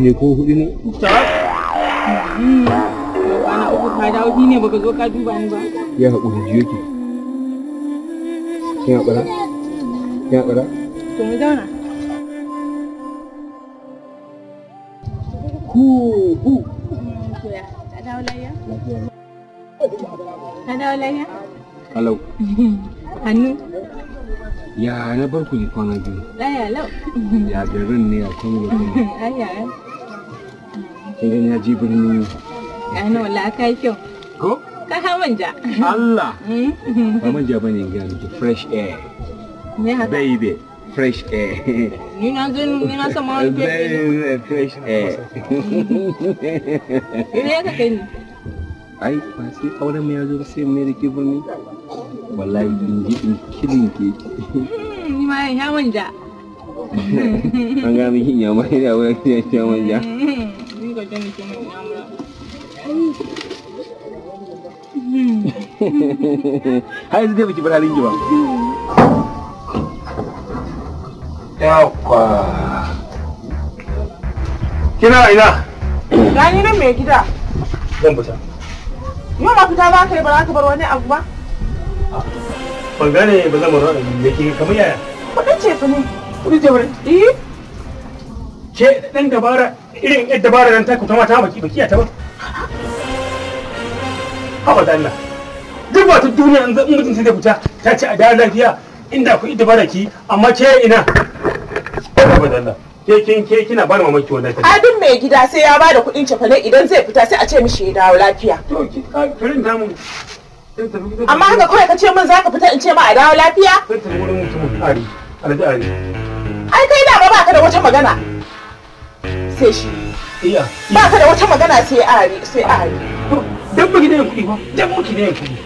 uku ne ko hudu ne kwana uku ka dawo shi ne baka zo ka duba ni ba ya haƙuri jiyo ki kin haƙura kin haƙura to mu zauna dawo dawo hannu ya na barku ne kwana biyu lau ya garin ne a kan gudu ya ya kin gani ya ji birni ana wallahi kai kyau ko ka ha manja Allah mm-hmm. ba manja bane ga miki fresh air ne haka baby fresh air ni na zo ni na sama wani fresh air ne ka kai ai ba sai auren mu ya zo sai mai ne da ke birni wallahi in ji in kilin ke mm-hmm. ni ma ya manja an ga mihin ya mai da wurin ya manja gani kuma ina mura. Har yanzu dai baki bar halin ba. Yakwa. Kina ina? Gani nan mai gida. Zan fita. Yau ma fita ba kai Pergi ka bar baru. abu ba? Ban gane ba zan bar wani ni? Ii. ke dan dabara irin yadda dabara nan taku ta baki baki ta ba haba da Allah duk wata duniya in mutum sai da fita ta ce a da lafiya inda ku dabara ki amma ke ina haba da Allah ke kin ke kina ba mamaki wannan ta adin mai gida sai ya bada kuɗin cefane idan zai fita sai a ce mishi ya dawo lafiya to ki karin da amma haka kawai ka ce min zaka fita in ce ma a dawo lafiya ai kai da ba ka da wata magana sai shi ba ka da wata magana sai a hari sai a hari dan muke da kuɗi ba dan muke da kuɗi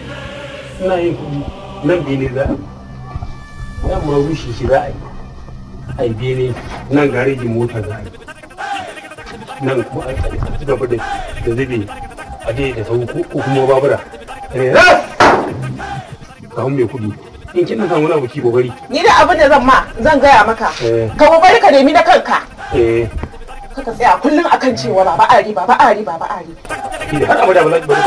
ina yin kuɗi nan bi ne za a yan rushe shi za a yi a yi ne nan garejin mota za a yi nan kuma a ci gaba da zube a je da sau ko kuma babura eh, kawo mai kuɗi in kin samu wani abu ki kokari ni da abin da zan ma zan gaya maka eh. ka kokari ka nemi na kanka eh Kaka tsaya kullum akan cewa ba a riba ba a riba ba a riba. Ki da haka ba da ba da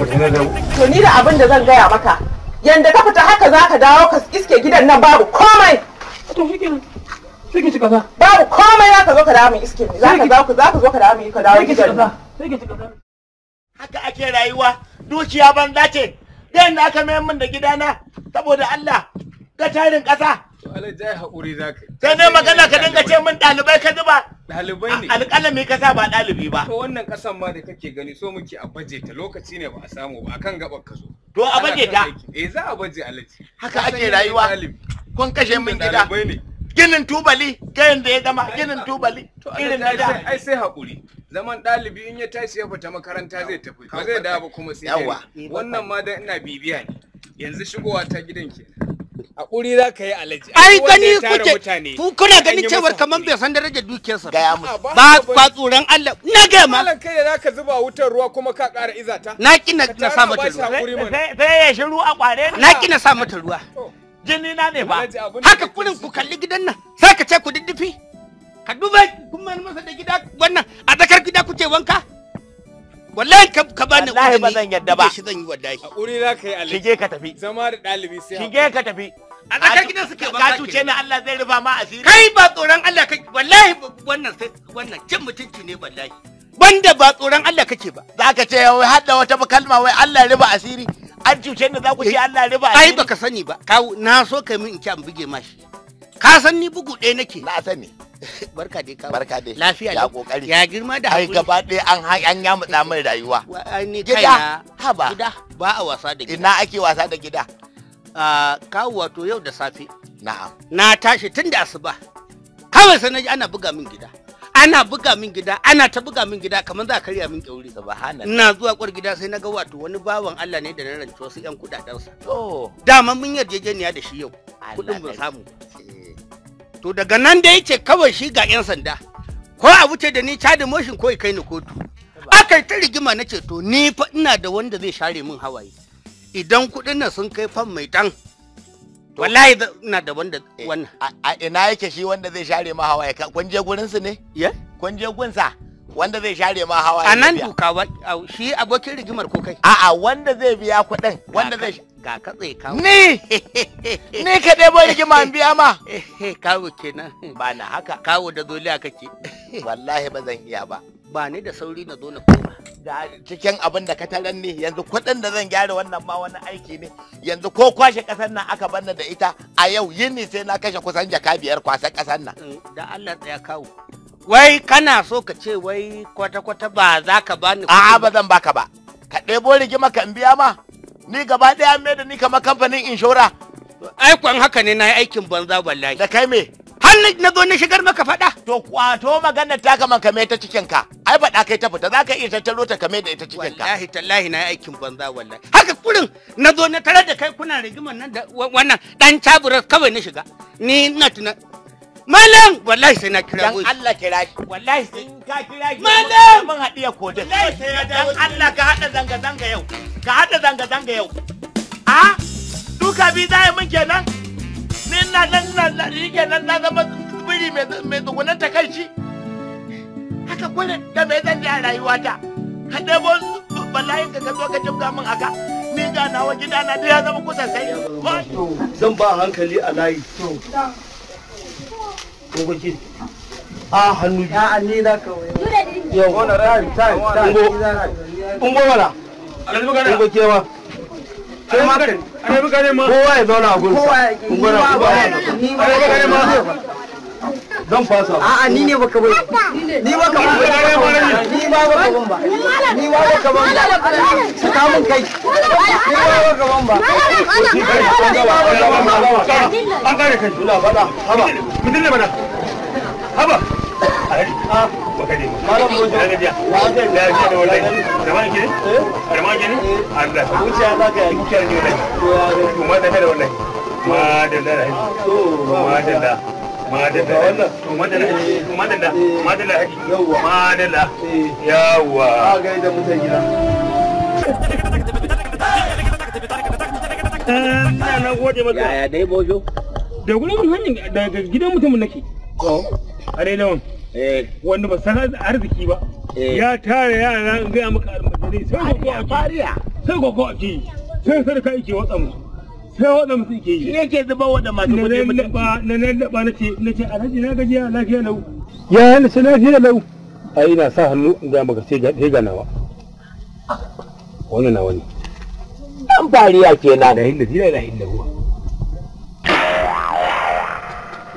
ki To ni da abin da zan gaya maka yanda ka fita haka za ka dawo ka iske gidan nan babu komai. Babu komai za ka zo ka dawo mai iske ne. Za ka zo ka dawo mai ka dawo gidan Haka ake rayuwa dukiya banza ce. Da yanda aka mayar min da gidana saboda Allah ga tarin ƙasa. Alhaji haƙuri za ka. Sai dai magana ka dinga ce min ɗalibai ka zuba. Ɗalibai ne. Alƙalami ka sa ba ɗalibi ba. To wannan ƙasan ma da kake gani so muke a baje ta lokaci ne ba a samu ba ka zo. To a baje Eh za a baje Haka ake rayuwa. Kun kashe min gida. Ɗalibai ne. Ginin tubali gayin da ya zama ginin tubali irin na da. Ai sai haƙuri. zaman ɗalibi in ya tashi ya fita makaranta zai tafi ba zai dawo kuma sai yawa wannan ma dan ina bibiya ne yanzu shigowa ta gidan kenan a za ka yi alaji ai gani kuke ku kuna ganin cewar kamar bai san darajar dukiyarsa gaya musu ba ba tsoran Allah na ga ma malan kai da zaka zuba wutar ruwa kuma ka ƙara izata na ki na sa mata ruwa sai ya shiru a kware na ki na sa mata ruwa jini na ne ba haka kurin ku kalli gidan nan sai ka ce ku diddifi ka duba kuma masa da gida wannan a tsakar gida kuke wanka wallahi ka ka bani wallahi ba zan yadda ba shi zan yi wallahi hakuri za ka yi alai shige ka tafi zama da dalibi sai shige ka tafi a tsakar gidan suke ba ka tuce ni Allah zai rufa ma asiri kai ba tsoron Allah kai wallahi wannan sai wannan cin mutunci ne wallahi banda ba tsoron Allah kake ba za ka ce wai hadda wata kalma wai Allah riba asiri an cuce ni za ku ce eh, Allah riba asiri ai baka sani ba na so ka min in ci an buge mashi ka san ni bugu ɗaya nake na sani barka dai ka barka dai lafiya ya kokari ya girma da hakuri. ai gaba ɗaya an an ya mutsa mai rayuwa ni gida haba gida ba a wasa da gida ina ake wasa da gida a kawo wato yau da safe na'am na tashi tun da asuba kawai sai naji ana buga min gida ana buga min gida ana ta buga min gida kamar za a karya min kyauri subhanallah ina zuwa kwar gida sai na ga wato wani bawan Allah ne da na rance wasu yan kudaden sa to dama mun yarjejeniya da shi yau kudin mun samu to daga nan da yake kawai shi ga 'yan sanda ko a wuce da ni cadi motion ko kai ni kotu aka ta rigima na ce to ni fa ina da wanda zai share min hawaye idan kuɗin nan sun kai fan mai dan. wallahi ina da wanda eh, wannan a ina yake shi wanda zai share ma hawaye kun je gurin su ne kun je gunsa wanda zai share ma hawa a nan duka shi abokin rigimar ko kai a'a wanda zai biya kuɗin wanda zai ga katse kawo ni ni ka bo rigima in biya ma kawo kenan ba na haka kawo da zoliya kake wallahi ba zan iya ba ba ni da sauri na zo na koma da cikin abin da ka taran ne yanzu kuɗin da zan gyara wannan ma wani aiki ne yanzu ko kwashe ƙasar nan aka banna da ita a yau yini sai na kashe kusan jaka biyar kwasa ƙasar nan mm, da Allah tsaya kawo wai kana so ka ce wai kwata-kwata ba za ka ba ni a'a ba zan baka ba ka ɗebo rigima ka biya ma ni gaba ɗaya mai da ni kamar kamfanin inshora aikon haka ne na yi aikin banza wallahi da kai me har na zo na shigar maka faɗa to kwato maganar ta ka kame ta cikin ka ai faɗa kai ta fita za ka iya tattaro ta kame da ita cikin ka wallahi tallahi na yi aikin banza wallahi haka kurin na zo na tarar da kai kuna rigimar nan da wannan dan caburar kawai na shiga ni na tunan malam wallahi sai na kira dan Allah kira shi wallahi sai in ka kira shi malam mun hadiya kodin wallahi sai ya dan Allah ka hada zanga zanga yau ka hada zanga zanga yau a duka bi zai mun kenan ni na nan na rike kenan na zama biri mai mai tsugunan ta kai shi haka kullum da me zan ji a rayuwata ka debo wallahi ka zo ka jibga min haka ni ga nawa gidana da ya zama kusa sai zan ba hankali a layi ko a hannu biyu a ni da kawai yau wannan rai time ungo wala ungo kewa ma ma kowa ya zauna a gurin kowa ya ni ma Zan fasa. A'a ni ne baka bai. Ni baka bai. Ni ba baka ban ba. Ni ba baka ban ba. mun kai. Ni ba baka ban ba. Ni ba ban ba. kai. Haba. Ah. Malam Bojo. Ya Ya da wallahi. Da Da ne eh? eh. wallahi. Kuma da da wallahi. Ma da da. Ma da da. madalla wannan madalla madala ga da mutan gida eh, na gode maka yaya dai bojo da gurin hannun daga gidan mutum nake to a dai eh wanda ba san arziki ba eh. ya tare yara ga maka almajirai sai ko fariya sai ko ko a sai sarka yake watsa musu. sai wanda mutum ke yi yake zuba wanda masu kuɗi mutum na nan daba na ce na ce alhaji na gajiya lafiya lau ya na ce lafiya lau ai ina sa hannu in ga maka sai ga sai ga nawa Wani nawa ne dan fariya kenan da hinda dila da hinda ruwa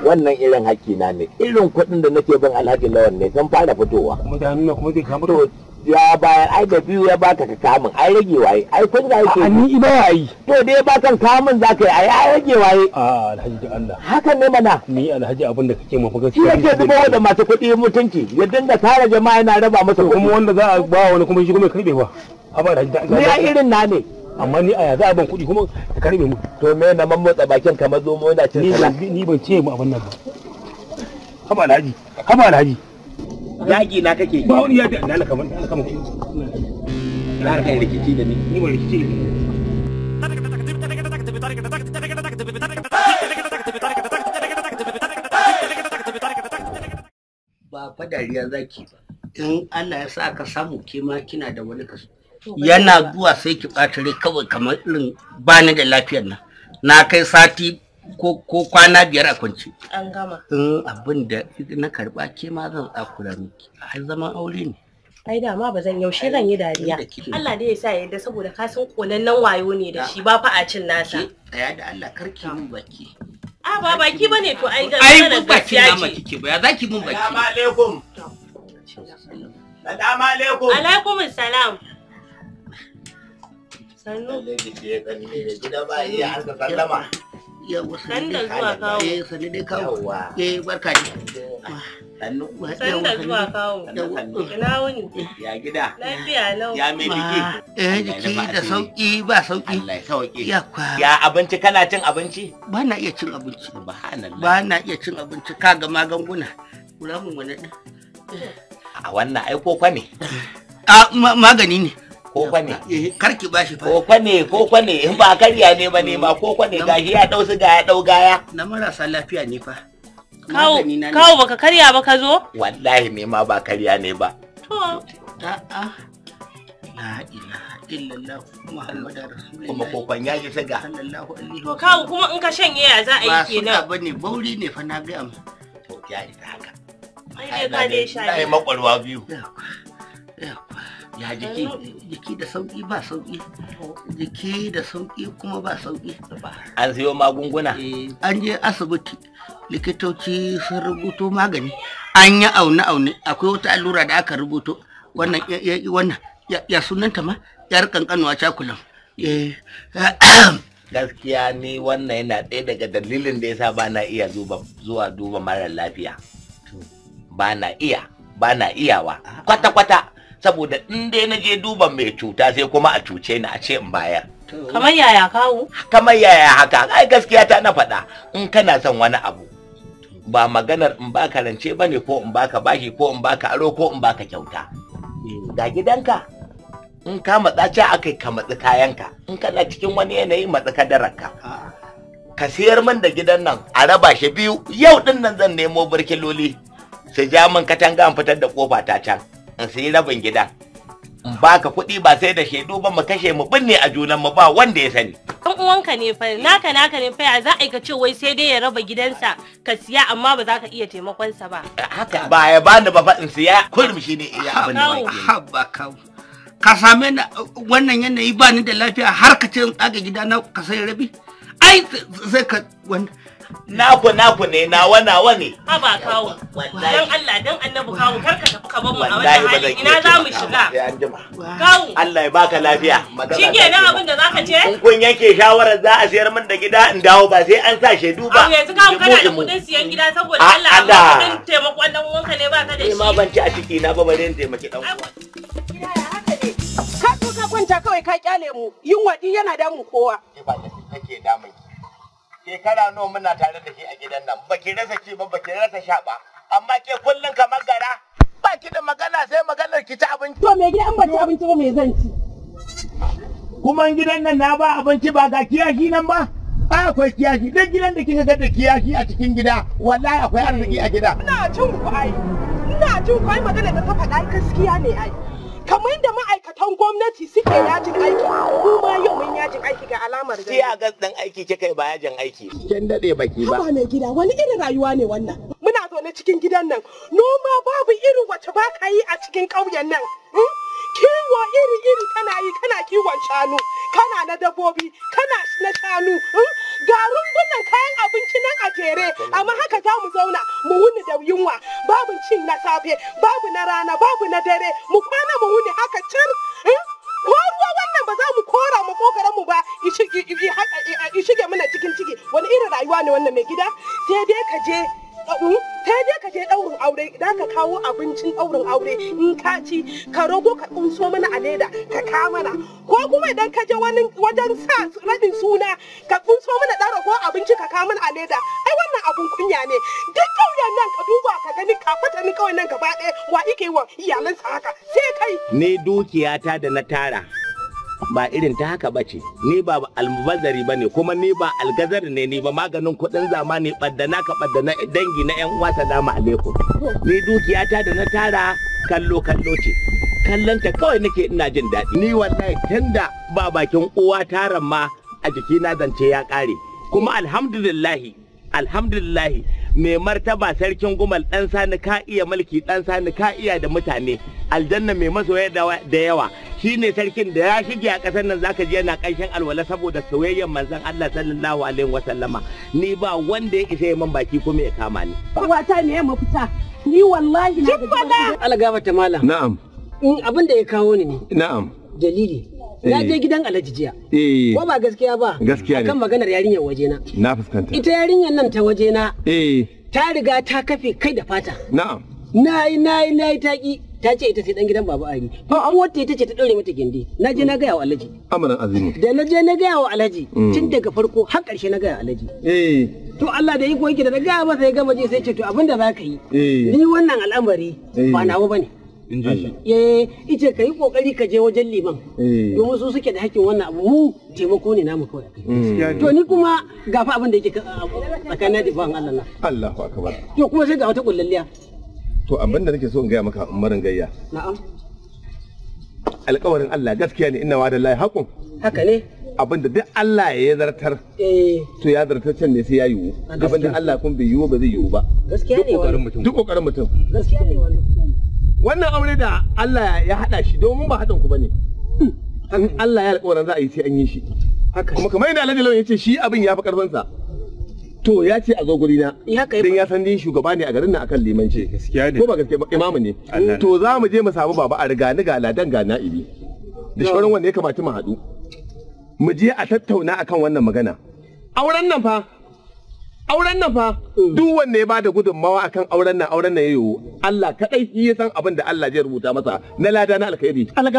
wannan irin na ne irin kuɗin da nake bin alhaji lawan ne zan fara fitowa kuma da hannu kuma zai kama ya bayar ai da biyu ya baka ka kamun ai rage waye ai kun ga yake ni ya yi to da ya baka kamun zaka yi ai ai rage waye a alhaji da Allah haka ne mana ni alhaji abin da kake mafi gaskiya shi yake zuba da masu kuɗi mutunci ya dinga tara jama'a yana raba masa kuma wanda za a ba wani kuma shi kuma karbe ba ba alhaji da Allah ni irin na ne amma ni aya za a ban kuɗi kuma ka karbe mu to me na mammotsa bakin kamar zo mu yana cin ni ban ce mu abin nan ba haba alhaji haba alhaji yaƙi na kake ba wani yaƙi da alaka mun alaka mun na harkar rikici da ni ni ba rikici ba fa dariya zaki ba in Allah ya sa ka samu kima kina da wani kaso yana zuwa sai ki ɓata rai kawai kamar irin bani da lafiyar nan na kai sati ko kwana biyar a kwance. An gama. In abin da na karɓa ke ma zan akura miki. Ai zaman aure ne. Ai ma ba zan yaushe zan yi dariya. Allah dai ya sa ya yadda saboda ka san konannen wayo ne da shi ba fa a cin nasa. Tsaya da Allah karki mun baki. A ba baki bane to ai ga ai mun baki na ma kike ba ya zaki mun baki. Assalamu alaikum. Assalamu alaikum. Alaikum assalam. Sannu. Allah ya gida ba har ka sallama. yawa sani eh, eh, da zuwa kawo eh sani da kawo eh barka ji sannu sani da zuwa kawo ina wani ya gida lafiya nau ya me jiki eh jiki da sauki ba sauki ya sauki ya kwa ya abinci kana cin abinci ba na iya cin abinci subhanallah ba na iya cin abinci kaga magunguna kula mun wani a wannan ai kokwa ne a ah, magani ne ko kwane eh, kar ko kwane ko kwane in ba karya ne ba ne ma ko kwane gashi ya dau ya dau gaya na marasa lafiya ne fa kawo kawo baka karya ba ka zo wallahi ne ma ba karya ne ba to a'a la ilaha illallah muhammadar rasulullah kuma kokon ya shi siga sallallahu alaihi wa kawo kuma in ka shanye ya za a yi kenan ba ne bauri ne fa na ga mu to ya haka ai dai ka dai shayi ai makwarwa biyu yakwa yakwa ya jiki jiki da sauki ba sauki jiki da sauki kuma ba sauki an siyo magunguna eh, an je asibiti likitoci sun rubuto magani an yi aune aune akwai wata allura da aka rubuto wannan wannan ya sunanta ma yar kankanuwa cakulan eh, gaskiya ni wannan yana ɗaya daga dalilin da yasa ba na iya zuwa duba mara lafiya ba na iya ba na iyawa kwata-kwata saboda in dai na je duba mai cuta sai kuma a cuce ni a ce in bayar kamar yaya kawo kamar yaya haka ai gaskiya ta na faɗa in kana son wani abu ba maganar in baka rance ba ne ko in baka bashi ko in baka aro ko in baka kyauta ga gidanka in ka matsa akai ka matsi kayanka in kana cikin wani yanayi matsi kadararka ka siyar min da gidan nan a raba shi biyu yau din nan zan nemo birkiloli su ja min katanga fitar da kofa ta can in sayi rabin gidan ba ka kuɗi ba sai da shaidu ba mu kashe mu binne a junan mu ba wanda ya sani Kan uwanka ne fa naka naka ne fa ya za a yi ka ce wai sai dai ya raba gidansa ka siya amma ba za ka iya taimakon sa ba haka ba ya bani ba fa in siya kullum shine iya abin da ba ka ka same na wannan yanayi ba ni da lafiya har ka ce in tsaga gidana ka sai rabi ai sai ka wanda naku naku ne nawa nawa ne ha ba kawo dan Allah dan annabi kawo karka tafi ka babu a wannan hali ina za mu shiga kawo Allah ya baka lafiya nan abin da zaka ce kun yanke shawarar za a sayar min da gida in dawo ba sai an sa shaidu ba yanzu kawo kana da kudin siyan gida saboda ah, Allah amma kudin taimako wannan wanka ne baka da shi ma ban ci a ciki na ba bare in taimaki dan uwa ka kwanta kawai ka kyale mu yunwa din yana damun kowa ba da kake damun shekara no muna tare da ke a gidan nan ba ki rasa ci ba ba ki rasa sha ba amma ke kullum kamar gara ba ki da magana sai maganar ki ci abinci to me gidan ba ci abinci ba me zan ci kuma gidan nan na ba abinci ba ga kiyashi nan ba akwai kiyashi duk gidan da kika ga da kiyashi a cikin gida wallahi akwai arziki a gida ina jin ku ai ina jin ku ai magana da ka faɗa gaskiya ne ai kamar yadda ma'aikatan gwamnati suke yajin aiki kuma yau mun yajin aiki ga alamar gani. a gas dan aiki kika ba yajin aiki. Kin dade baki ba. Haba mai gida wani irin rayuwa ne wannan. Muna zaune cikin gidan nan noma babu irin wacce ba ka yi a cikin ƙauyen nan. Hmm? Kiwo iri-iri kana yi kana kiwon shanu kana na dabbobi kana na shanu. Hmm? ga rumbunan kayan abinci nan a jere amma haka za mu zauna mu wuni da yunwa babu cin na safe babu na rana babu na dare mu kwana mu wuni haka cir eh? ko ruwa wannan ba za mu kora mu kokarin mu ba i shige mana cikin ciki wani irin rayuwa ne wannan mai gida sai dai ka je Ta je ka je ɗaurin aure idan ka kawo abincin ɗaurin aure in ka ci ka rago ka kunso mana a leda ka ka mana ko kuma idan ka je wani wajen sa rabin suna ka kunso mana ɗan rago abinci ka ka mana a leda ai wannan abun kunya ne duk kauyen nan ka duba ka gani ka fata ni kawai nan gaba ɗaya wa ike wa iyalansa haka sai kai. ne dukiyata da na tara ba irin ta haka ba ce ni ba almubazari ba ne kuma ni ba algazar ne ni ba maganin kuɗin zamani ɓaddana ka ɓaddana dangi na yan uwa salamu alaikum ni dukiyata da na tara kallo kallo ce kallanta kawai nake ina jin daɗi ni wallahi tunda ba bakin uwa taran ma a jiki na zance ya ƙare kuma alhamdulillahi alhamdulillahi mai martaba sarkin gumal dan sani ka iya mulki dan sani ka iya da mutane aljanna mai masoya da yawa shine sarkin da ya shige a ƙasar nan zaka ji yana ƙarshen alwala saboda soyayyen manzon Allah sallallahu alaihi wasallama ni ba wanda ya isa ya man baki kuma ya kama ni wata ne ya mafita ni wallahi na da algaba ta malam na'am in abin da ya kawo ni ne na'am dalili ya eh. je gidan alhaji jiya eh. ko ba gaskiya ba gaskiya ne kan maganar yarinyar waje na Na fuskanta ita yarinyar nan ta waje na, eh. ta riga ta kafe kai da fata na'am nayi nayi nayi taki ta ce ita sai dan gidan baba ari ba an wata ita ce ta dore mata gindi na je na gaya wa alhaji amaran azumi da na je na gaya wa alhaji mm. tun daga farko har karshe na gaya alhaji eh to Allah da yi yake da na ba sai ya gama je sai ce to abinda za ka yi ni wannan al'amari ba nawa bane in ji shi eh ice kai kokari ka je wajen liman eh. domin su suke da hakkin wannan abu mu taimako ne namu kawai mm. to ni kuma gafa abin da yake tsakanin da ban Allah na Allahu akbar to kuma sai ga wata kullalliya to abin da nake so in gaya maka umarin gayya na'am alƙawarin Allah gaskiya ne inna wa da haƙun haka ne abin da duk Allah ya zartar eh. to ya zartar can ne sai ya yiwu abin da Allah kun bai yiwu ba zai yiwu ba gaskiya ne duk kokarin mutum duk kokarin mutum gaskiya ne wannan wannan aure da Allah ya haɗa shi domin ba haɗin ku bane an Allah ya alƙawarin za a yi sai an yi shi kuma kamar yadda Alhaji Lawan ya ce shi abin ya fi karfin sa to ya ce a zo guri na dan eh, ya san din shugaba ne a garin nan akan limanci gaskiya ne ko ba gaskiya imamu ne to za mu je mu samu baba a riga ni ga ladan ga na'ibi da shauran wanda ya kamata mu haɗu mu je a tattauna akan wannan magana auren nan fa auren nan fa mm. duk wanne ya bada gudunmawa akan auren nan auren nan yayo Allah kadai shi ya san abin da Allah zai rubuta masa na lada na alkhairi Allah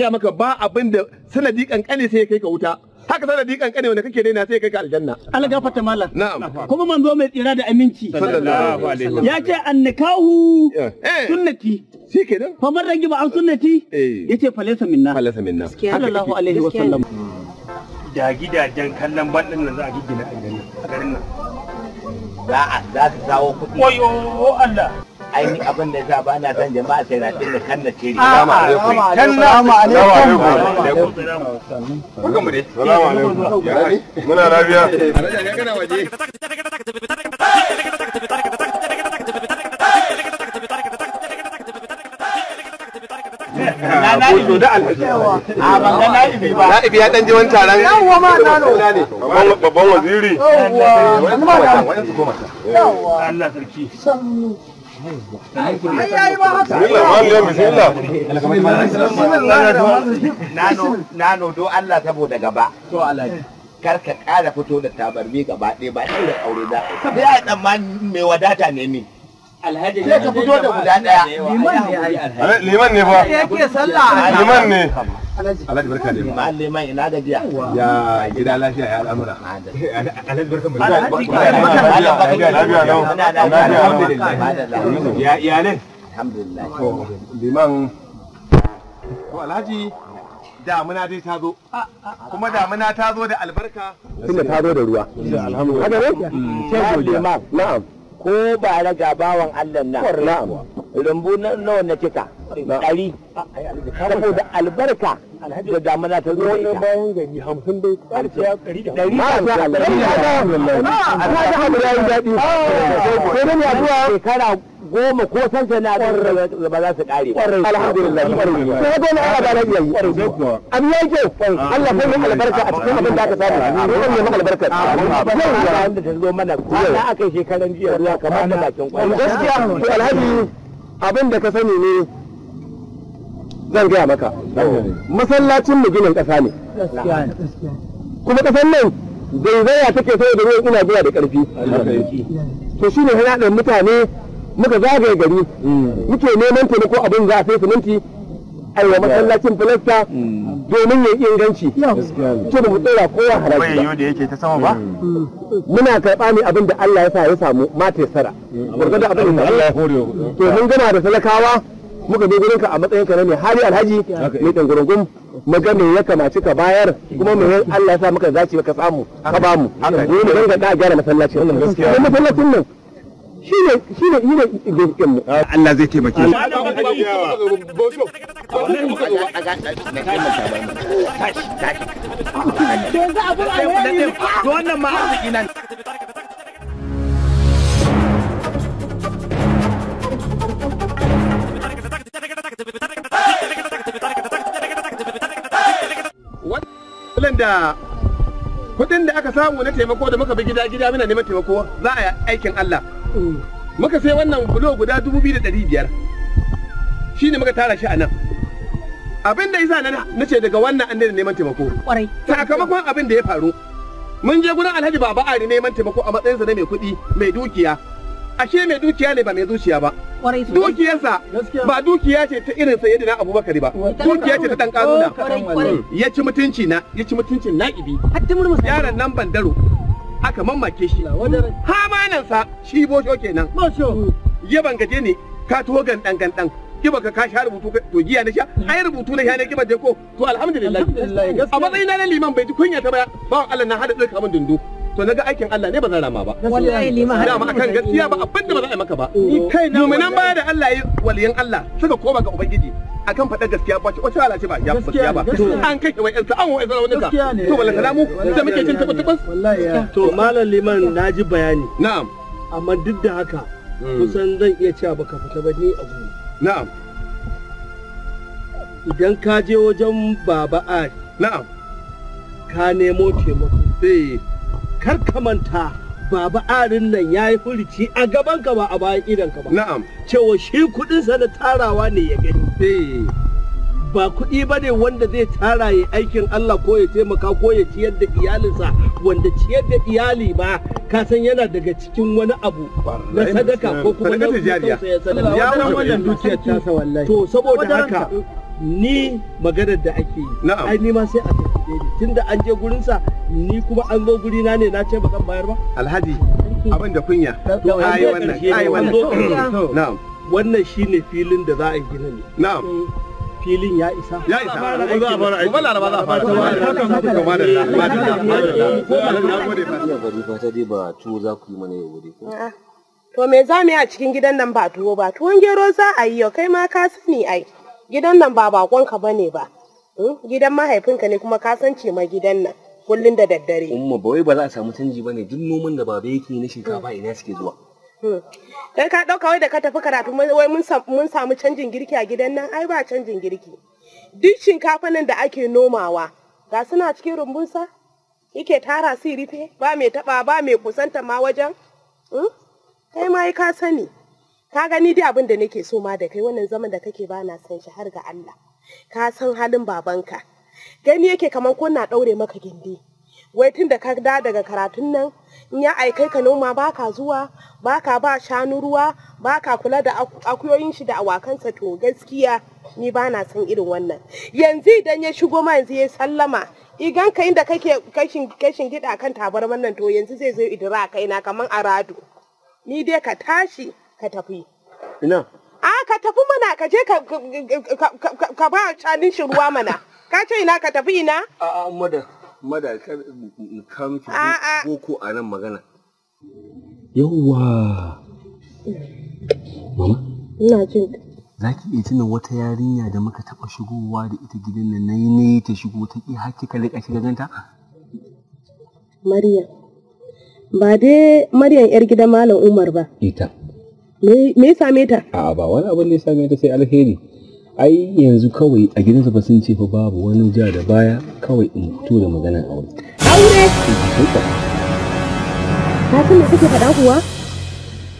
ga maka ba abin da sanadi kankane sai kai ka wuta haka sanadi kankane wanda kake daina sai kai ka aljanna Allah fata mala na'am kuma manzo mai tsira da aminci sallallahu alaihi wasallam ya ce annikahu eh. sunnati shi kenan fa man ragi ba an sunnati eh. yace falaysa minna falaysa minna sallallahu alaihi wasallam da gidajen kallon baɗin da za a giggina a garin nan za a za ka zawo kuɗi oyo oh Allah ainihin abin da za ba na zan jama'a sai na tsaye kan na ce salamu alaikum salamu alaikum kuka mu dai salamu alaikum muna lafiya kana waje na ibi da alhaji a ba ya dan je wani taron yawwa ma na no babban babban waziri wani ma da wani Allah sarki Nano do Allah saboda gaba. To Allah. Kar ka ƙara fito da tabarmi gaba ɗaya ba da aure da. Sai a tsammanin mai wadata ne ni. alhaji ka fito da guda daya liman ne ba liman ne alhaji eh, barka ne ma liman ina da biya ya gida lafiya ya al'amura alhaji barka mu lafiya lafiya nau lafiya ya iyalai alhamdulillah liman ko alhaji damuna dai ta zo ah, ah, ah, kuma damuna ta zo da albarka ta zo da ruwa alhamdulillah haka ne mm. ko ba raga bawan Allah na rumbu na na cika ƙari saboda albarka da damana ta zuwa ita bayan gari hamsin da goma ko sansa na da ba za su alhamdulillah sai yake Allah albarka a cikin abin da aka samu ruwan albarka yau wanda ta zo mana kwana akai shekaran jiya ruwa kamar da bakin kwana gaskiya alhaji abin da ka sani ne zan gaya maka masallacin mu ginin ƙasa ne kuma ƙasar nan zaizaya take sai da ruwan ina zuwa da ƙarfi to shine hana da mutane muka zagaye gari mm. muke neman taimako abin za a sai siminti aiwa masallacin filasta mm. domin ya inganci to da mu tsira kowa haraji ba da yake ta sama ba mm. muna karɓa ne abin da Allah ya sa ya samu mata ya sara gurgurda abin da Allah ya hore to mun gana da talakawa muka zo gurinka a matsayinka na mai hali alhaji mai ɗangurungun mu me ya kamaci ka bayar kuma me Allah ya sa muka zaci ka samu ka ba mu mu mu ranga da gyara masallacin nan gaskiya masallacin nan shine shine shine gokin mu Allah zai taimake mu wannan ma arziki nan Wannan da kuɗin da aka samu na taimako da muka bi gida gida muna neman taimako za a yi aikin Allah. Muka sai wannan bulo guda dubu biyu da ɗari biyar. Shi ne muka tara shi a nan. Abin da isa na ce daga wannan an neman taimako. Sakamakon abin da ya faru. Mun je gurin Alhaji Baba Ari neman taimako a matsayinsa na mai kuɗi mai dukiya. ashe mai dukiya ne ba mai zuciya ba dukiyarsa ba dukiya ce ta irin sayyidi na abubakar ba dukiya ce ta ɗan karuna ya ci mutunci na ya ci mutuncin na'ibi yaron nan bandaro aka mamake shi hamanansa shi bosho kenan ya bangaje ne ka tuwo gan ɗan. kiba ka ka sha rubutu to giya na sha ai rubutu na sha ne kiba je ko to alhamdulillah a matsayin na liman bai ji kunya ta ba ba Allah na hada dukkan mun dundu to naga aikin Allah ne ba zan rama ba wallahi lima dama akan gaskiya ba abin da ba za a yi maka ba ni kai na nan baya da Allah ya waliyan Allah suka koma ga ubangiji akan faɗar gaskiya ba wata ala ce ba ya gaskiya ba an kai wai yansa an wai zalawa nika to wala kalamu da muke cin tabbata bas wallahi to malam liman naji bayani na'am amma duk da haka hmm. kusan zan iya cewa baka fita ba ni abu na'am idan ka je wajen baba ari na'am ka nemo taimako eh kar ka manta baba arin nan ya yi furuci a gaban ka ba a bayan idan ka ba na'am cewa shi kuɗinsa na tarawa ne ya gani eh. ba kuɗi ba ne wanda zai tara ya aikin Allah ko ya taimaka ko ya ciyar da iyalinsa wanda ciyar da iyali ba ka san yana daga cikin wani abu na sadaka ko kuma na ya sadaka wannan dukiyar tasa wallahi to saboda haka ni maganar da ake yi ai ni ma sai a tafi ni tunda an je gurinsa ni kuma an zo na ne na ce ba zan bayar ba alhaji abin da kunya To ai wannan ai wannan na'am wannan shine filin da za a gina ne na'am eh, filin ya isa. Ya isa. ba za a fara aiki. Ko ba za a fara. Ko ba da ma da ba da na gode ba. Ina bari fata dai ba tuwo za ku yi ba yau gobe. Ah, to me za mu yi a cikin gidan nan ba tuwo ba tuwon gero za a yi yau kai ma ka sani ai. gidan nan ba bakonka ba ne ba hmm? gidan mahaifinka ne kuma ka san ma gidan nan kullum da daddare umma ba wai ba za a samu canji ba ne duk noman da baba yake na shinkafa hmm. ina suke zuwa dan hmm. ka dauka wai da ka tafi karatu wai mun samu canjin girki a gidan nan ai ba canjin girki duk shinkafa nan da ake nomawa ga suna cikin rumbunsa yake tara su rufe ba mai taba ba mai kusanta ma wajen kai ma ka sani ka gani dai abin da nake so ma da kai wannan zaman da kake ba na san shi har ga Allah ka san halin babanka gani yake kamar ko na daure maka gindi wai tun da ka da daga karatun nan in ya aikai ka noma baka zuwa baka ba shanu ruwa baka kula da akuyoyin shi da awakansa to gaskiya ni ba na san irin wannan yanzu idan ya shigo ma yanzu ya sallama igan ka inda kake kashin kashin gida kan tabarman nan to yanzu zai zo idira kaina kamar aradu ni dai ka tashi ka tafi. Ina? A ka tafi mana ka je ka ba canin shi ruwa mana. Ka ce ina ka tafi ina? A'a mada mada kar kamki boko a nan magana. Yawwa. Mama? Ina jin za ki iya tuna wata yarinya da muka taɓa shigowa da ita gidan nan nayi ne ta shigo ta ƙi har kika leƙa shi ganta? Maryam. Ba dai Maryam 'yar gidan Malam Umar ba. Ita. me ya same ta a'a ba wani abin da ya same ta sai alheri ai yanzu kawai a gidansa ba sun ce fa babu wani ja da baya kawai in to da maganar aure aure ka san me kake faɗa kuwa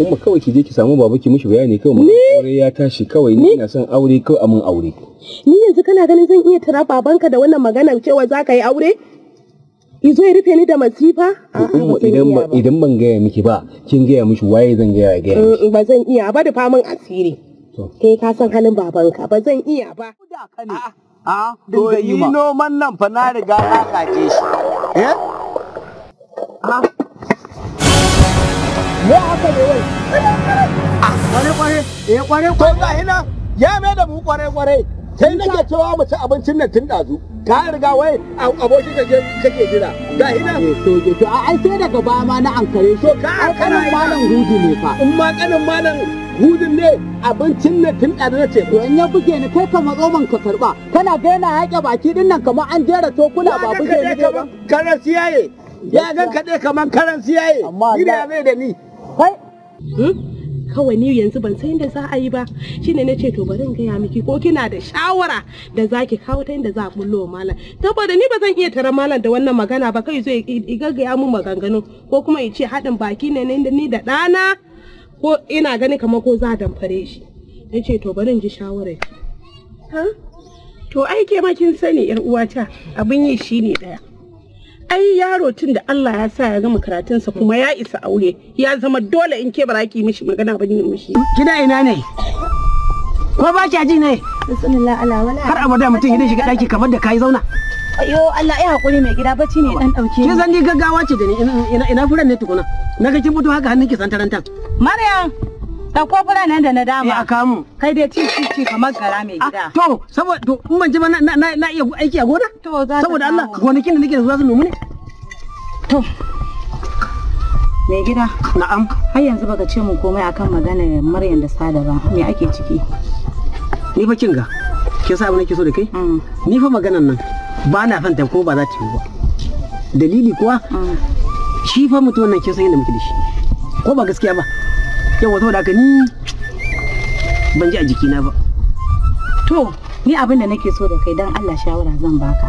umma kawai ki je ki samu baba ki mishi bayani kawai mun aure ya tashi kawai ni ina son aure kawai a min aure ni yanzu kana ganin zan iya tara babanka da wannan maganar cewa za ka yi aure izo ya rufe ni da masifa idan ban gaya miki ba kin gaya mishi waye zan gaya gaya miki mm, ba zan iya ba da famin asiri kai ka san halin babanka ba zan iya ba a to yi noman nan fa na riga na kaje shi eh me aka da wai ah, kware kware eh kware kware ga hina ya mai da mu kware kware sai nake cewa mu ci abincin nan tun zu ka riga wai abokin ka je kake jira ga hina to to ai sai daga ba ma na ankare shi ka kanin malam hudu ne fa in ma kanin malam hudun ne abincin ne tun da ce to in ya buge ni kai ka matso ka karba kana ga yana yaƙe baki din nan kamar an jera tokuna ba buge ni ba karan siyaye ya gan kaɗe kamar karan siyaye ni da ya mai da ni kai hmm? kawai ni yanzu ban san yadda za a yi ba shine na ce to bari in gaya miki ko kina da shawara da zaki ki kawo ta inda za a bullo malam saboda ni ba zan iya tara malam da wannan magana ba kai zo ya mu maganganu ko kuma ya ce haɗin baki ne ni da ɗana ko ina gani kamar ko za a damfare shi Na ce to bari in ji shawarar ki to ai ma kin sani yar uwata abin yi shine ɗaya ai yaro tun da Allah ya sa ya gama karatunsa kuma ya isa aure ya zama dole in ke baraki ki mishi magana ba ni mishi kina ina ne ko ba ki aji ne har abada mutum idan shiga daki kamar da kai zauna ayo Allah ai hakuri mai gida bacci ne dan dauke ki zan ni gaggawa ce da ni ina furan ne tukuna naga kin fito haka hannun ki santarantan maryam Ɗauko nan da na dama. Ya eh, kamu. Kai dai ci ci ci kamar gara mai gida. Ah, to saboda to in ban ji ba na iya aiki a gona? To za Saboda Allah gonakin da nake da za su nomu ne. To. Mai gida. Na'am. Har yanzu baka ce mu komai akan maganar Maryam da Sada ba. Me ake ciki? Ni fa kinga. Ke sa abin nake so da kai? Mm. Ni fa maganar nan ba na fanta ko ba za ta yi ba. Dalili kuwa mm. shi fa mutum nan ke san yadda muke da shi. Ko ba gaskiya ba? yawa saboda haka ni ban ji a jikina ba to ni abin da nake so da kai dan Allah shawara zan baka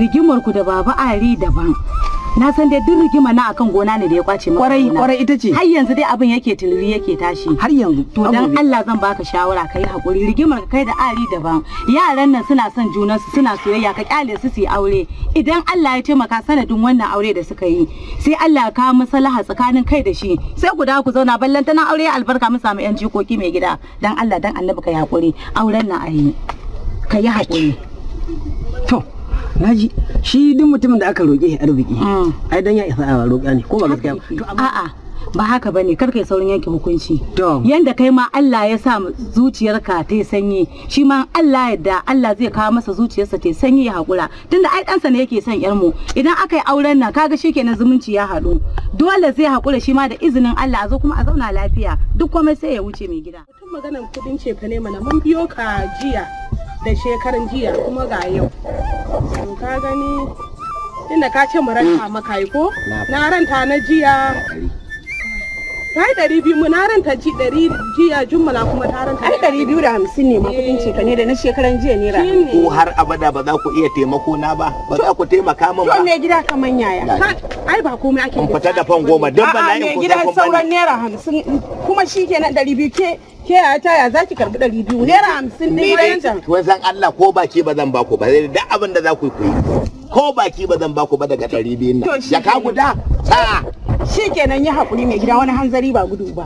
rigimar ku da baba ari daban na san dai duk rigima na akan gona ne da ya kwace maka kwarai kwarai ita ce har yanzu dai abin yake tiliri yake tashi har yanzu to dan Allah zan baka shawara kai hakuri rigimar kai da ari daban yaran nan suna son junan su suna soyayya ka kyale su su yi aure idan Allah ya taimaka sanadin wannan aure da suka yi sai Allah ya kawo maslaha tsakanin kai da shi sai guda ku zauna ballantana aure ya albarka mu samu yan jikoki mai gida dan Allah dan Annabi ka yi hakuri auren nan a yi ka yi hakuri to naji shi duk mutumin da aka roƙe arziki mm. ai dan ya isa a roƙa ne ko ba gaskiya ba a'a ba haka bane kar kai saurin yanke hukunci yanda kai ma Allah ya sa zuciyarka ta yi sanyi shi ma Allah yadda Allah zai kawo masa zuciyarsa ta yi sanyi ya hakura tunda ai ɗansa ne yake son yar idan aka yi auren nan kaga shikenan zumunci ya haɗu dole zai hakura shi ma da izinin Allah a zo kuma a zauna lafiya duk komai sai ya wuce mai gida mutum maganan kudin ce fa ne mana mun biyo ka jiya da shekaran jiya kuma ga yau to ka gani inda ka ce mu ranta maka ko na ranta na jiya Ta yi ɗari biyu munaran ta ji ɗari jiya jummala kuma taron ta. Ai ɗari biyu da hamsin ne ma eh. kuɗin cika ne da na shekaran jiya ne ra. Ko har abada ba za ku iya taimako na ba ba za ku taimaka min ba. To me gida kaman yaya. Ai ba komai ake. Kun fita da fan goma duk ba na yin kuɗa gida sauran naira hamsin kuma shi kenan ɗari biyu ke ke ya ta ya za ki karɓi ɗari biyu naira hamsin ne yanzu. Kun san Allah ko baki ba zan ba ku ba sai da abin da za ku yi Ko baki ba zan ba ku ba daga ɗari biyu nan. Ya ka guda? A'a. shi kenan ya haƙuri mai gida wani hanzari ba gudu ba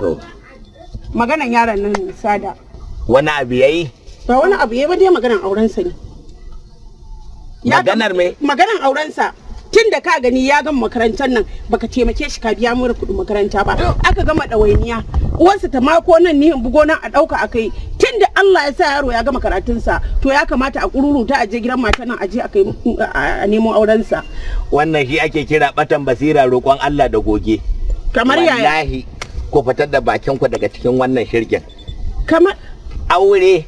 maganan yaron nan sada wani abu yayi ba wani abu yayi ba dai maganan aurensa ne maganar me maganan aurensa tun da ka gani ya gama makarantar nan baka taimake shi ka biya mura kuɗin makaranta ba aka gama ɗawainiya uwarsa ta mako nan ni bugo nan a ɗauka a kai tun da Allah ya sa yaro ya gama karatun sa, to ya kamata a kururuta a je gidan matan nan a je a kai a nemo aurensa wannan shi ake kira batan basira roƙon Allah da goge kamar yaya wallahi ku fitar da bakin ku daga cikin wannan shirgin. kamar aure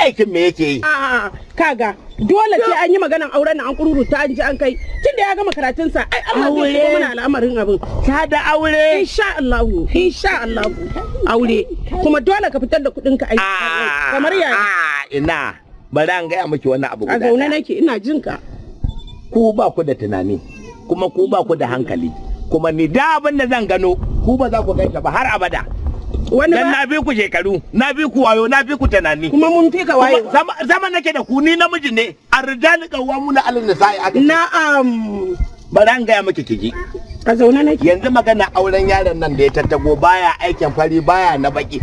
aikin me yake yi a'a kaga dole sai an yi maganan auren nan an kururuta an ji an kai tun da ya gama karatun sa ai Allah zai yi mana al'amarin abin ka da aure insha Allah insha Allah aure kuma dole ka fitar da kuɗin ka aiki ah, kamar ya ah, ina bari an gaya miki wannan abu guda a zaune nake ina jin ka ku ba ku da tunani kuma ku ba ku da hankali kuma ni da abin da zan gano ku ba za ku gaita ba har abada wani ba na bi ku shekaru na bi ku wayo na bi ku tunani kuma mun fi ka wayo zama nake da ku ni namiji ne alin qawwamuna sai aka na'am bara an gaya miki kiji a zauna nake yanzu magana auren yaron nan da ya tattago baya aikin fari baya na baki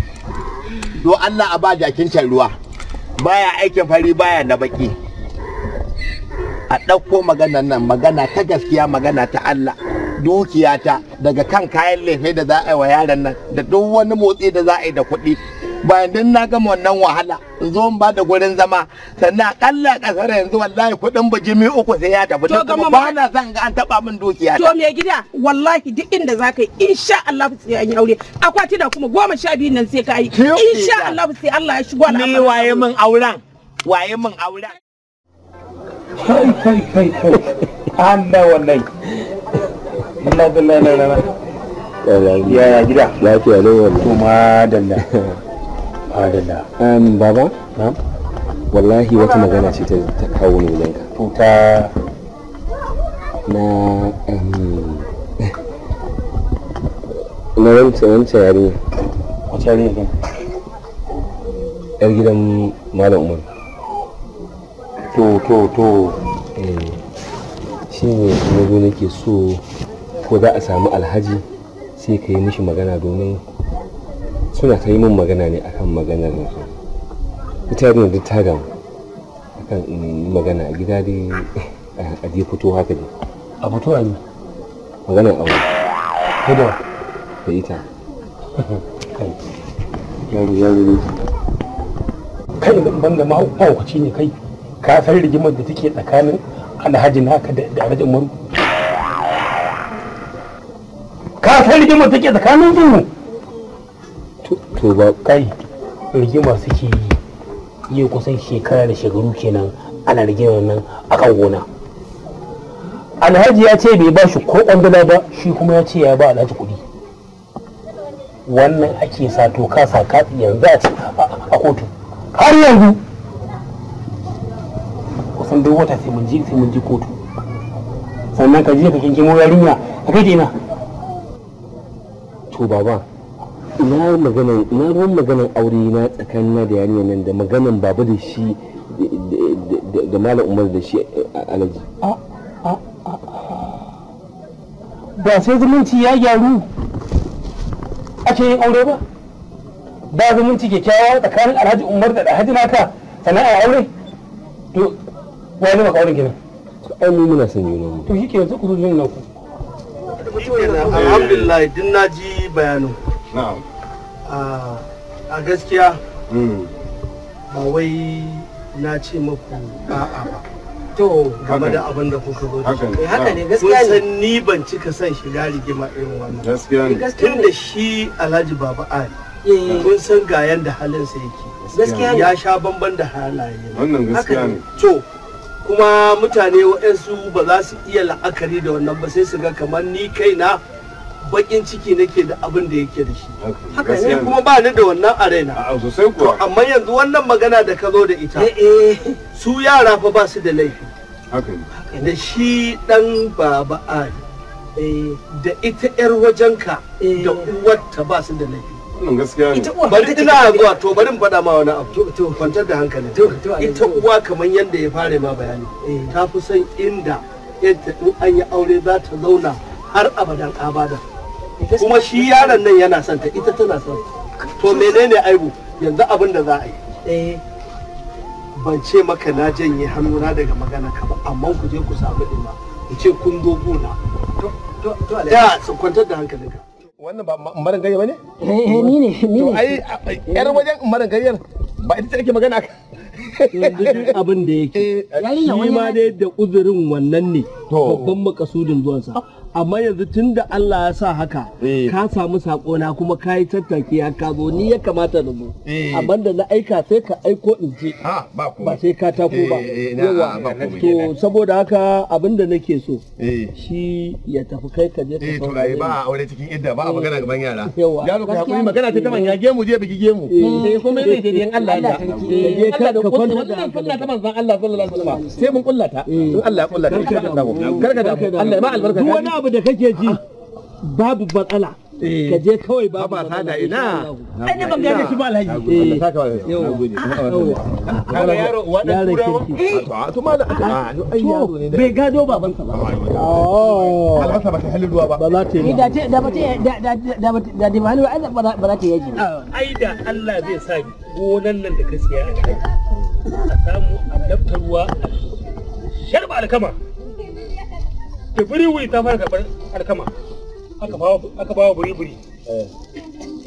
do Allah a ba jakin can ruwa baya aikin fari baya na baki a ɗauko maganar nan magana ta gaskiya magana ta Allah dukiyata daga kan kayan lefe da za a yi wa yaran nan da duk wani motsi da za a yi da kuɗi bayan din na gama wannan wahala zo ba da gurin zama sannan akalla kasar yanzu wallahi kuɗin bijimi uku sai ya tafi to kuma ba na san ga an taba min dukiya to me gida wallahi duk inda zaka yi insha Allah sai an yi aure akwati da kuma goma sha biyu nan sai ka yi insha Allah sai Allah ya shigo al'amari ni waye min auren waye min auren kai kai kai kai an da wallahi baba wallahi wata magana ce ta kawo ni na um na yare wace yare ne yar gidan malam umar to to to eh, shi ne nake so ko za a samu alhaji sai ka yi mishi magana domin suna ta yi min magana ne akan maganar nufi ita ne duk ta gamu akan magana a gida dai a je fito haka ne a fito a ne magana aure wani da da ita yaro yaro ne kai ban da mahaukaci ne kai ka san rigimar da take tsakanin alhaji naka da alhaji umaru san rigima take tsakanin mu to ba kai rigima suke yi yau kusan shekara da shekaru kenan ana rigima nan akan gona alhaji ya ce bai ba shi ko ƙwandala ba shi kuma ya ce ya ba alhaji kuɗi wannan ake sa toka sa katsi yanzu a kotu har yanzu kusan duk wata sai mun je kotu sannan ka je ka kinkimo yarinya ka kai ina. to baba ina maganan ina ruwan maganan aure na tsakanin na da yarinyar nan da maganan baba da shi da malam umar da shi alaji ba sai zumunci ya gyaru ake yin aure ba ba zumunci kyakkyawa tsakanin alhaji umar da alhaji naka sana'a aure to wani maka aure kenan ai mu muna son yi to shi ke yanzu ku zo jin naku Eh. alhamdulillah din na ji bayanin a gaskiya hmm. ba wai na ce maku ba'a ba to game da abin da kuka zo da haka ne eh, gaskiya ne san ni ban cika son shiga rigima irin wannan gaskiya ne eh, tun da shi Alhaji Baba Ali kun san ga yanda halin sa yake gaskiya ya sha bamban da halaye wannan gaskiya ne to kuma mutane waɗansu ba za su iya la'akari da wannan ba sai su ga kamar ni kai na bakin ciki nake da abin da yake da shi haka ne kuma ba ni da wannan a raina to amma yanzu wannan magana da ka zo da ita eh, eh. su yara fa ba su da laifi da shi dan baba ali eh, da ita yar wajenka da uwarta ba su da laifi wannan gaskiya ne bari ina zuwa to bari in faɗa ma wani abu to kwantar da hankali ita uwa kamar yadda ya fara ma bayani eh. ta fi son inda yadda in an yi aure za ta zauna har abadan abada kuma shi yaron nan yana son ta ita tana son to menene aibu yanzu abin da za a yi eh. ban ce maka na janye hannuna daga magana ka ba amma ku je ku samu ɗima ku ce kun zo gona da su kwantar da hankalinka wannan ba maran gayya bane eh, eh ni ne ni ne ai yar wajen maran gayyar ba ita take magana ka abin da yake eh, shi ma da da uzurin wannan ne babban makasudin sa. amma yanzu tun da Allah ya sa haka eh. ka samu sakona kuma ka yi tattaki ya ka zo ni ya kamata da mu eh. abin da na aika sai ka aiko in ce ba sai ka tako ba eh, to saboda haka abin da nake so shi ya tafi kai ka je ka to ba a aure cikin idda ba a magana ga ban yara ya ka kuma magana ta taman ya ge mu je biki ge mu sai kuma zai je dan Allah ya je ka da kwanta wannan kulla ta manzon Allah sallallahu alaihi wasallam sai mun kullata in Allah ya kullata kar ka da Allah ma albarka abu da kake ji babu matsala eh. ka je kawai babu ba da ina ai ne ban gane shi ba alhaji eh saka wai kaga yaro wadan kura ba to mala a ah, ah, ai yaro ne bai gado baban sa ba oh albasa ba ta halu ruwa ba ba za ta yi da ce da ba da da da da malu ai ba za ta yaji ah. ai da Allah zai sa ni gonan nan da ka siya a samu a daftar ruwa sharba alkama da buri ta fara karɓar alkama aka bawa buri-buri eh,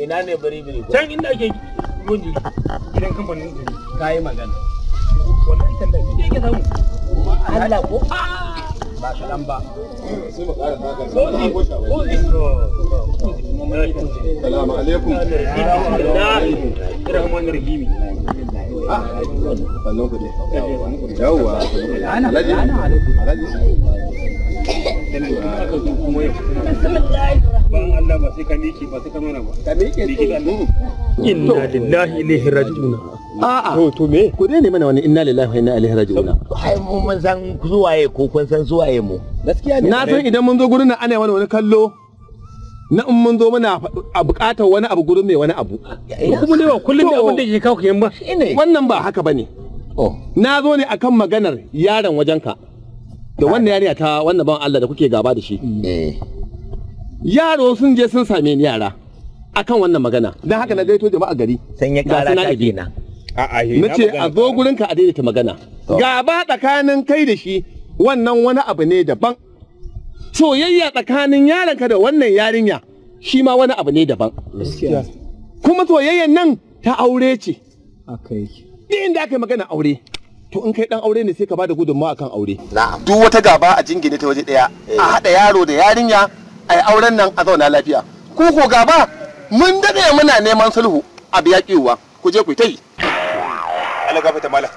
ina ne buri-buri can inda ake ruwan jiri gidan kamfanin jiri ka yi magana da ke ke samu Allah ko a ah! ba kalan ba sai mu ƙara oh, alaikum aka zo kuma yau ba Allah ba sai ka miƙe ba sai ka nuna ba ka miƙe inna lillahi ilaihi raji'una a'a to to me ku dai ne mana wani inna lillahi wa inna ilaihi raji'una ai mu mun san zuwaye ko kun san zuwaye mu gaskiya ne na san idan mun zo gurin nan ana wani wani kallo na in mun zo muna a bukatar wani abu gurin mai wani abu kuma ne ba kullum da abin da ke kawo kayan ba wannan ba haka bane oh. na zo ne akan maganar yaron wajenka da wannan yarinya ta wannan ban Allah da kuke gaba da shi eh. yaro sun je sun same ni yara akan wannan magana dan haka na gaito jama'a gari san ya kara ta kenan eh, na ce a zo ka a daidaita magana gaba tsakanin kai da shi wannan wani abu ne daban soyayya tsakanin yaranka da wannan yarinya shi ma wani abu ne daban kuma soyayyan nan ta aure ce inda aka yi magana aure to in kai dan aure ne sai ka bada gudunmawa akan aure na'am duk wata gaba a jingine ta waje daya a eh. hada yaro da yarinya ai auren nan a zauna lafiya ku ko gaba mun dade muna neman sulhu a biya kiwa ku je ku yi Allah ta mala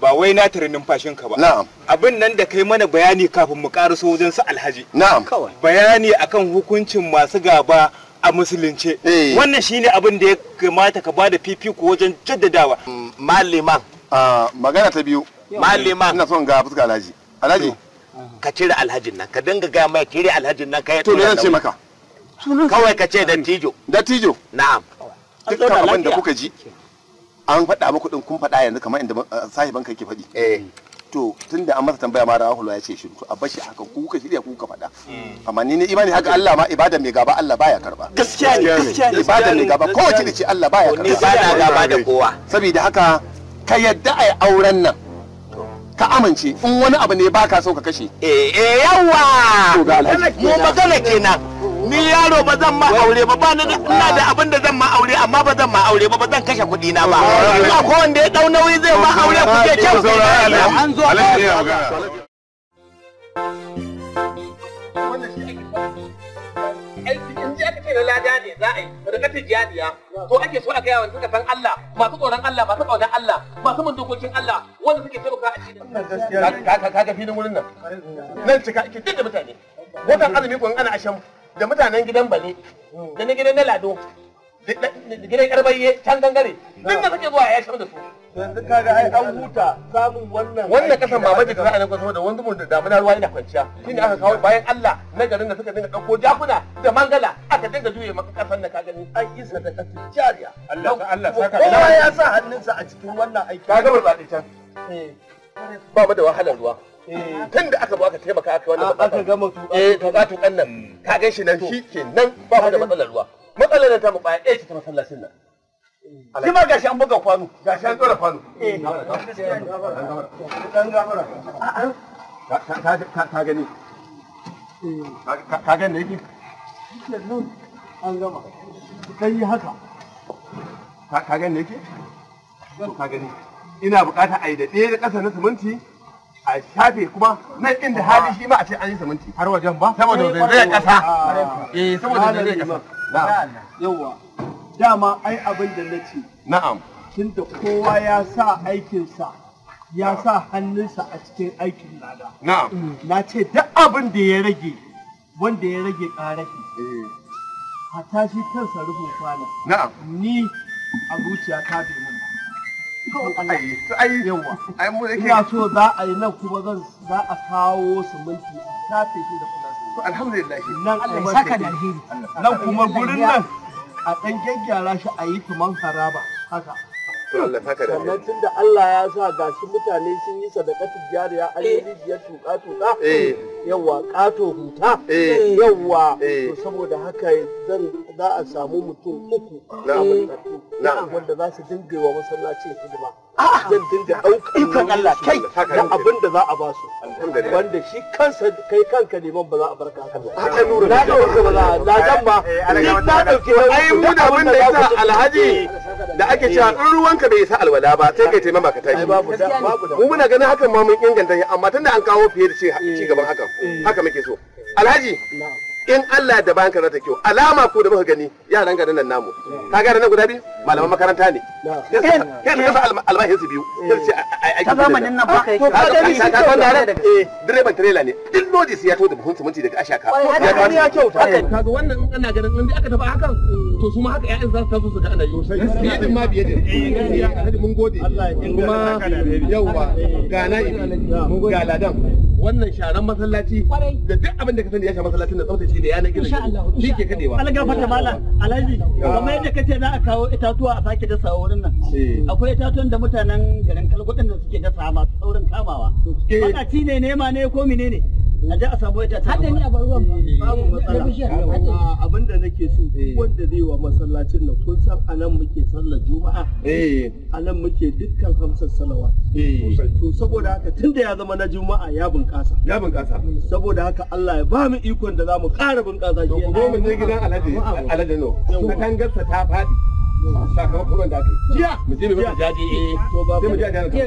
ba wai na tare numfashin ka ba na'am abin nan da kai mana bayani kafin mu karaso wajen su alhaji na'am kawai bayani akan hukuncin masu gaba a musulunce eh. wannan shine abin da ya kamata ka bada fifiko wajen jaddadawa mm, malliman Ah, magana ta biyu malima ina son ga fuska alhaji alhaji ka cire alhajin nan ka dinga ga mai cire alhajin nan kai to me zan ce maka kawai ka ce dattijo dattijo na'am dukkan abin da kuka ji an faɗa muku din kun faɗa yanzu kamar inda uh, sahiban kai ke faɗi eh to tunda an masa tambaya ma rahulu ya ce shi to a bashi haka ku kuka shirya ku kuka faɗa hmm. amma ni ne imani haka Allah ma ibada mai gaba Allah baya karba gaskiya ne gaskiya ne ibada mai gaba kowace ce Allah baya karba ni ba na gaba da kowa saboda haka ka yadda a yi auren nan ka amince in wani abu ne ka so ka kashe eh eh yawa mu magana kenan ni yaro ba zan ma aure ba ba ina da abin da zan ma aure amma ba zan ma aure ba ba zan kashe kuɗi na ba ba ko wanda ya dau nauyi zai ma aure ku ke kyau an zo wannan shi na lada ne za a yi sadakatul jariya to ake so a gaya wa suka Allah masu tsoron Allah masu kaunar Allah masu mun dokokin Allah wanda suke taimaka a cikin ka ka ga filin wurin nan nan cika ake duk da mutane watan azumi kun ana asham da mutanen gidan bane da na gidan na lado gidan yar bayye can gangare duk da suke zuwa ya shirya da su yanzu kaga ai an huta samun wannan wannan kasan mamaji da za a nan da wani mun da damuna ruwa ina kwanciya shine aka kawo bayan Allah na garin da suka dinga dauko jakuna da mangala aka dinga juye maka kasan da ka gani an isa da kasu jariya Allah ka Allah saka kowa ya sa hannunsa a cikin wannan aiki kaga burbaɗe can eh. ba mu da wahalar ruwa eh. tun da aka zo aka taimaka aka wannan matsala aka gama tuƙa. eh tuka tukan nan ka gan shi nan shi ke nan ba mu da matsalar ruwa matsalar da ta mu baya ɗaya ce ta masallacin nan shi ma gashi an buga kwano gashi an tsora kwano ka eh. gani ka eh. gani da yake an gama ka yi haka ka gani da yake ka gani ina bukata a yi da ɗaya da ƙasa na siminti a shafe kuma na inda hali shi ma a ce an yi siminti har wajen ba saboda eh, zai ƙasa eh saboda zai ƙasa na'am yawa dama ai abin da na ce na'am tunda kowa ya sa aikinsa ya sa hannunsa a cikin aikin lada na'am na ce duk abin da ya rage wanda ya rage ƙarafi a tashi eh. kansa rufin kwana na'am ni a zuciya ta bi mun ai mu ina so za a yi nan kuma za a kawo siminti a tafe shi da kula alhamdulillah nan Allah saka da alheri nan kuma gurin nan a dan gyaggyara shi a yi tuman haraba haka sannan tun da Allah ya sa gashi mutane sun yi sadakatul jariya an yi eh. rijiyar tuka tuka eh. yawa kato huta eh. yawa to eh. saboda haka zan za a samu mutum uku na wanda za su dinga wa masallacin hidima ah. zan dinga ɗaukar Allah kai da abin da za a ba su wanda shi kansa kai kanka neman ba za a barka haka ba na dauke ba na eh, dan ba ni na ɗauke ba ai mu da abin da yasa alhaji da ake cewa in ruwanka bai isa alwala ba sai kai taimaka ka tashi mu muna ganin hakan ma mun inganta amma tunda an kawo fiye da ci gaban hakan haka muke so alhaji in Allah da bayan karata kyau alama ko da muka gani yaran garin nan namu ka ga nan guda biyu malaman makaranta ne kai su kasa albahin su biyu sai su aiki zamanin nan ba kai ka ga ni ka wanda ran eh direban trailer ne duk sai ya to da buhun siminti daga ashaka ya ka ya kyauta ka ga wannan in ana ganin in aka tafi hakan to su ma haka ƴaƴan za su taso su ga ana yi sai din ma biye din eh, gaskiya alhaji mun gode kuma yauwa ga ibi mun gode ga ladan wannan sharan masallaci da duk abin da ka sani ya sha masallacin da shi da yanar gizo shi ke kadewa Allah fata mala alhaji kamar yadda kace za a kawo itatuwa a sake dasa wurin nan eh. akwai itatuwan da mutanen garin kalgudin da suke dasa masu saurin kamawa bakaci ne nema ne ko menene a da a samu ta ni a eh, babu matsala abin da nake so eh. wanda zai wa masallacin nan kun san anan muke sallar juma'a eh. anan muke dukkan hamsar salawa to saboda haka tunda ya zama na juma'a ya bunƙasa ya bunƙasa saboda haka Allah ya ba mu ikon da za mu ƙara bunƙasa shi to ko je gidan Alhaji Alhaji no ta faɗi sakamakon da Jiya! Mu je mu jaji Jiya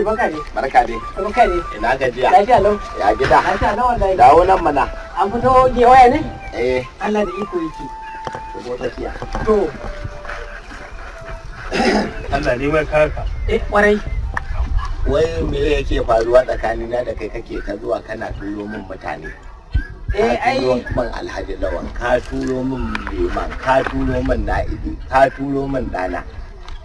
Alhaji eh, barka ne. Barka ne. Barka ne. Ina gajiya. Lafiya lau. Ya gida. Lafiya lau wallahi. Dawo nan mana. An fito ge waya ne? Eh. Allah da iko yake. Shigo tafiya. To. Allah ne mai karka. Eh kwarai. Wai me yake faruwa tsakanina da kai kake ka zuwa kana turo min mutane? eh ai ban alhaji lawan ka turo min liman ka turo min na'ibi ka turo min dana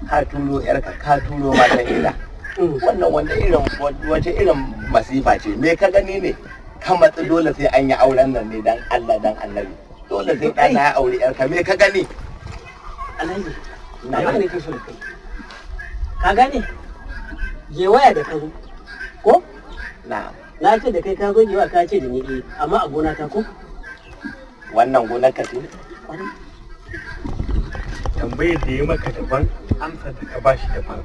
ka turo yarka ka turo matan ila wannan wanda irin wace irin masifa ce me ka gani ne ka matsi dole sai an yi auren nan ne dan Allah dan annabi dole sai ɗana ya aure yarka me ka gani alhaji na ba ne ka so ka gani je waya da kazo ko na na ce da kai ka zo jewa ka ce da ni eh amma a gona ta ko wannan gonar ka ce tambayar da ya maka daban amsa da ka bashi daban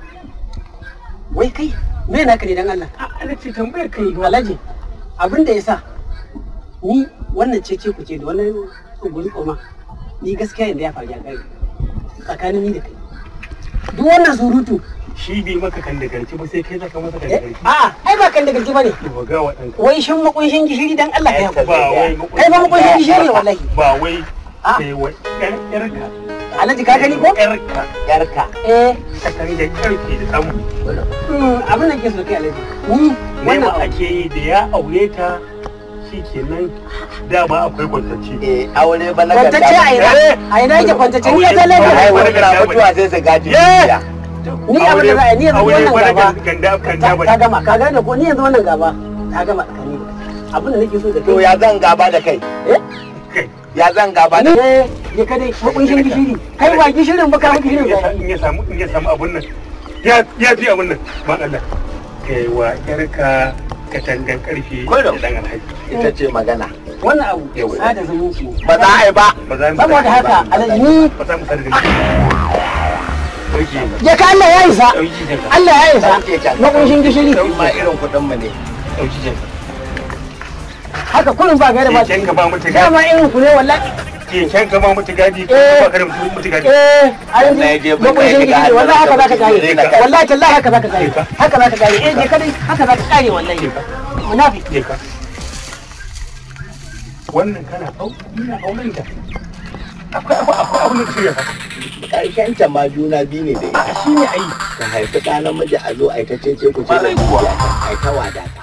wai kai me naka ne dan Allah alhaji tambayar kai alhaji abin da yasa ni wannan ce ce ku ce da wannan guri koma ni gaskiya inda ya faru ya kai tsakanin ni da kai duk wannan surutu shi bi maka kan da garci ba sai kai zaka masa eh, kan da garci a ai ba kan da garci bane wai shin makunshin gishiri dan Allah kai ba wai kai ba makunshin gishiri wallahi ba wai sai wai dan irga Alhaji ka gani ko? Yarka. Yarka. Eh. Sakari da karfe da samu. Hmm, abin da ke so kai Alhaji. Ni wannan ake yi da ya aure ta shi kenan dama akwai kwantacce. Eh, aure Kwantacce a ina. Eh. A ina yake kwantacce. Ni ka. Ai, wani gara mutuwa eh. Ni abin da za a ni yanzu wannan gaba. Ka gama, ka gane ko ni yanzu wannan gaba. Ka gama Abin da nake so da kai. To ya zan gaba da kai. Eh? ya zan ba da ne ya kada makunshin gishiri kai ba gishirin ba ka gishirin ba in ya samu in ya samu abun nan ya ya ji abun nan ba Allah kai wa yarka katangan karfi da dan alhaji ita ce magana wannan abu sada ku ba za a yi ba da haka alani ba za mu sada zumunci ya ka Allah ya isa Allah ya isa makunshin gishiri ba irin kudin mu ne dauki jinka haka kullum ba gaira ba shi ba mutu gadi dama irin ku ne wallahi keken ka ba mutu gadi eh. ko ba garin mutu gadi eh ayin ne je ba kai ga wallahi haka zaka gari wallahi tallahi haka zaka gari haka zaka gari eh je kadai haka zaka gari wallahi munafiki je ka wannan kana au ina auren ta akwai abu akwai abu ne shirya karshen ta ma juna biyu ne da ita shi ne ai ka haifi ɗa namiji a zo a ita ce ce ku ce da ai ta wadata